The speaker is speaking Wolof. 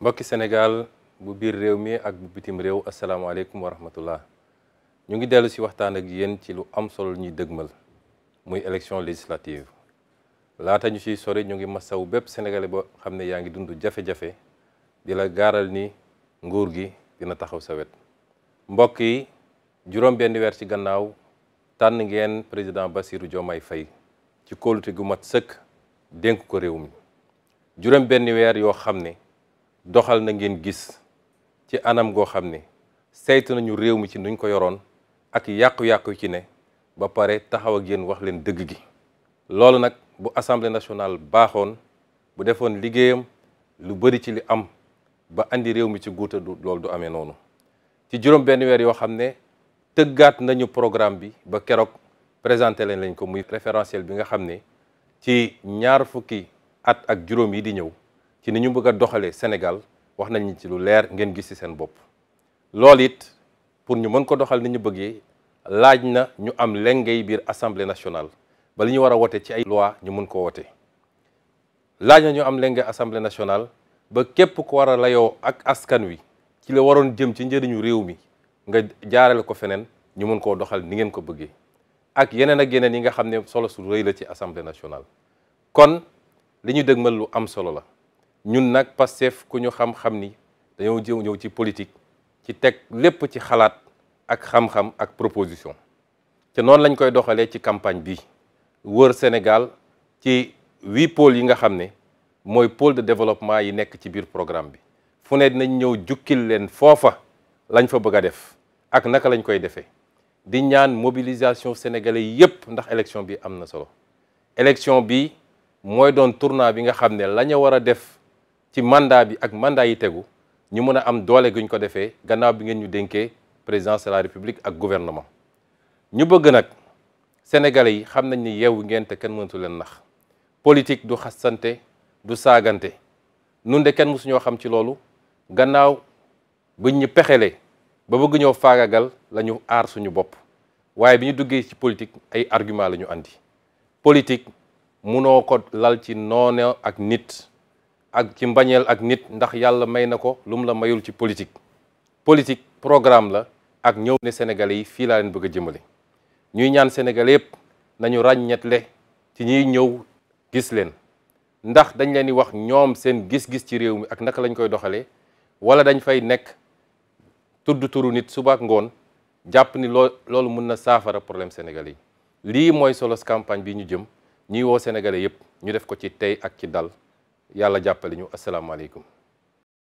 mbokki Sénégal bu biir réew mi ak bu bitim réew asalaamaaleykum wa rahmatullah ñu ngi dellu si waxtaan ak yéen ci lu am solo ñuy dëgmal muy élection législative laata ñu ciy sori ñu ngi ma saw bépp sénégalais boo xam ne yaa ngi dund jafe-jafe di la gaaral ni nguur gi dina taxaw sawet wet mbokk yi juróom benn weer ci gannaaw tànn ngeen président Bassirou Diomaye fay ci kóolute gu mat sëkk dénk ko réew mi juróom benn weer yoo xam ne doxal na ngeen gis ci anam goo xam ne saytu nañu réew mi ci nuñ ko yoroon ak yàqu-yàqu ci ne ba pare taxaw ak yéen wax leen dëgg gi loolu nag bu assemblée nationale baaxoon bu defoon liggéeyam lu bëri ci li am ba indi réew mi ci guuta du loolu du amee noonu ci juróom benn weer yoo xam ne tëggaat nañu programme bi ba keroog présenté leen lañ ko muy référentiel bi nga xam ne ci ñaar fukki at ak juróom yi di ñëw ci ni ñu bëgg a doxalee Sénégal wax nañ ci lu leer ngeen gis ci seen bopp loolu it pour ñu mën ko doxal ni ñu bëggee laaj na ñu am lengay biir assemblée nationale ba li ñu war a wote ci ay loi ñu mun ko wote laaj na ñu am lengay assemblée nationale ba képp ku war a layoo ak askan wi ci la waroon jëm ci njëriñu réew mi nga jaarale ko feneen ñu mun koo doxal ni ngeen ko bëggee ak yeneen ak yeneen yi nga xam ne solo su rëy la ci assemblée nationale kon li ñu dëgmal lu am solo la ñun nag Pastef ku ñu xam-xam ni dañoo jëw ñëw ci politique ci teg lépp ci xalaat ak xam-xam ak proposition te noonu lañ koy doxalee ci campagne bi wër Sénégal ci huit pole yi nga xam ne mooy pôle de développement yi nekk ci biir programme bi fu ne dinañ ñëw jukkil leen foofa lañ fa bëgg a def ak naka lañ koy defee di ñaan mobilisation sénégalais yépp ndax élection bi am na solo élection bi mooy doon tournant bi nga xam ne lañu ñu war a def ci mandat bi ak mandat yi tegu ñu mën a am doole guñ ko defee gannaaw bi ngeen ñu dénkee présidence de la république ak gouvernement ñu bëgg nag sénégalais yi xam nañ ni yeewu ngeen te kenn mënatu leen nax politique du xasante du saagante nun de kenn mësuñoo xam ci loolu gannaaw buñ ñu pexelee ba bëgg ñoo faagagal lañu aar suñu bopp waaye bi ñu duggee ci politique ay argument la ñu andi politique munoo ko lal ci noone ak nit ak ci mbañeel ak nit ndax yàlla may na ko lu mu la mayul ci politique politique programme la ak ñëw ne sénégalais yi fii laa leen bëgg a jëmale ñuy ñaan sénégalais yëpp nañu ràññetle ci ñuy ñëw gis leen ndax dañ leen di wax ñoom seen gis-gis ci réew mi ak naka lañ koy doxalee wala dañ fay nekk tudd turu nit suba ngoon jàpp ni loo loolu mën na saafara problème sénégalais yi lii mooy solos campagne bi ñu jëm ñuy woo sénégalais yëpp ñu def ko ci tey ak ci dal yàlla jàppale ñu asalaamaaleykum